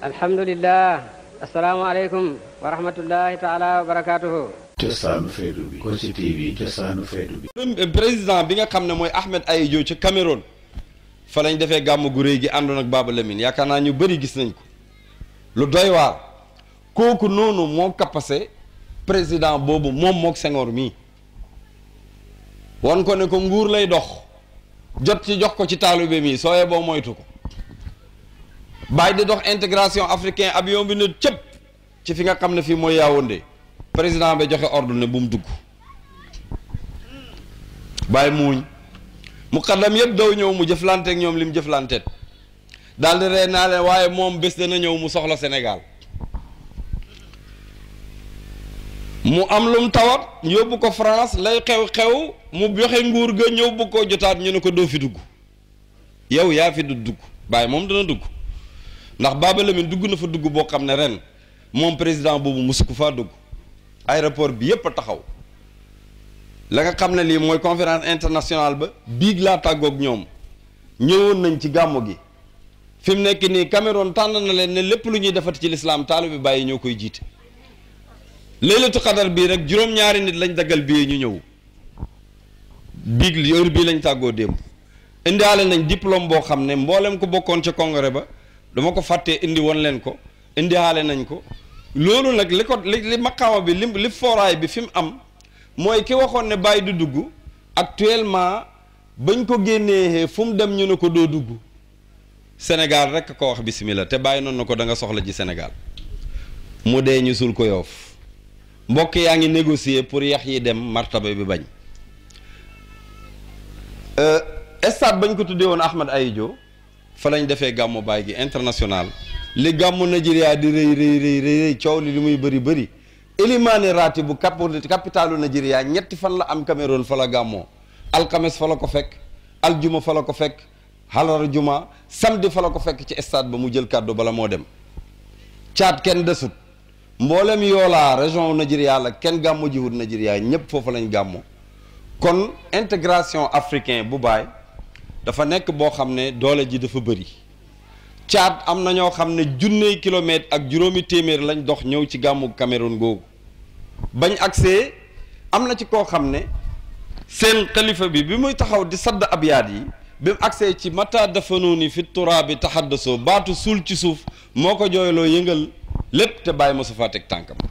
alhamdulillah asalaamaaleykum wa rahmatullahi taala wa barakaatuhu. feetu bi président bi nga xam ne mooy Ahmed Aïdjo ca Cameroun fa lañ defee gàmm gu réy gi àndoon ak Baba Lamine yaakaar naa ñu bari gis nañ ko lu doy kooku noonu moo kapase président boobu moom mook Senghor mii wan ko ne ko nguur lay dox jot ci jox ko ci taalibe mii soo boo moytu ko. bàyyi di dox intégration africain avion bi ne cëpp ci fi nga xam ne fii mooy Yaoundé président ba joxe ordre ne bu mu dugg bàyyi muuñ mu xaddam yëpp doo ñëw mu jëflanteek ñoom li mu jëflanteet daal di rey naa leen waaye moom bés dana ñëw mu soxla Sénégal mu am lum tawat yóbbu ko France lay xew-xew mu joxe nguur ga ñëw bu ko jotaat ñu ne ko doo fi dugg yow yaa fi du dugg bàyyi moom dana dugg ndax Baba Lamine dugg na fa dugg boo xam ne ren moom président boobu musu faa dugg aéroport bi yépp a taxaw la nga xam ne lii mooy conference internationale ba biig laa tàggook ñoom ñëwoon nañ ci gàmmu gi fi mu nekk nii Cameroun tànn na leen ne lépp lu ñuy defati ci lislaam taalibe bàyyi ñoo koy jiit laylatu xadar bii rek juróom-ñaari nit lañ daggal bii ñu ñëw biig yooyu bii lañ tàggoo démb indaale nañ diplôme boo xam ne mboolem ko bokkoon ca congrès ba dama ko fàttee indi woon leen ko indi haale nañ ko loolu nag li ko li maqaama bi li li fooraay bi fi mu am mooy ki waxoon ne bàyyi du dugg actuellement bañ ko génnee fu mu dem ñu ne ko doo dugg Sénégal rek ko wax bismillah te bàyyi noonu na ko da nga soxla ji Sénégal mu dee ñu sul ko yoof mbokk yaa ngi négocier pour yax yi dem martaba bi bañ euh, stade bañ ko tuddee woon Ahmed Aïdjo fa lañ defee gàmmu international li Nigeria di li li Elimane ratibu Nigeria la am Cameroon fa la al fa la ko fa juma samedi la ko ba bala desut Nigeria la ken Nigeria lañ gamu kon intégration africain dafa nekk boo xam ne doole ji dafa bëri caat am na ñoo xam ne junney kilomètre ak juróomi téeméer lañ dox ñëw ci gàmmu Cameroun googu bañ agsee am na ci koo xam ne seen xalifa bi bi muy taxaw di sadd abyaat yi bi mu agsee ci mata dafanuuni fi turaabi taxaddasoo baatu suul ci suuf moo ko jooyloo yëngal lépp te bàyyi ma su faa teg tànkam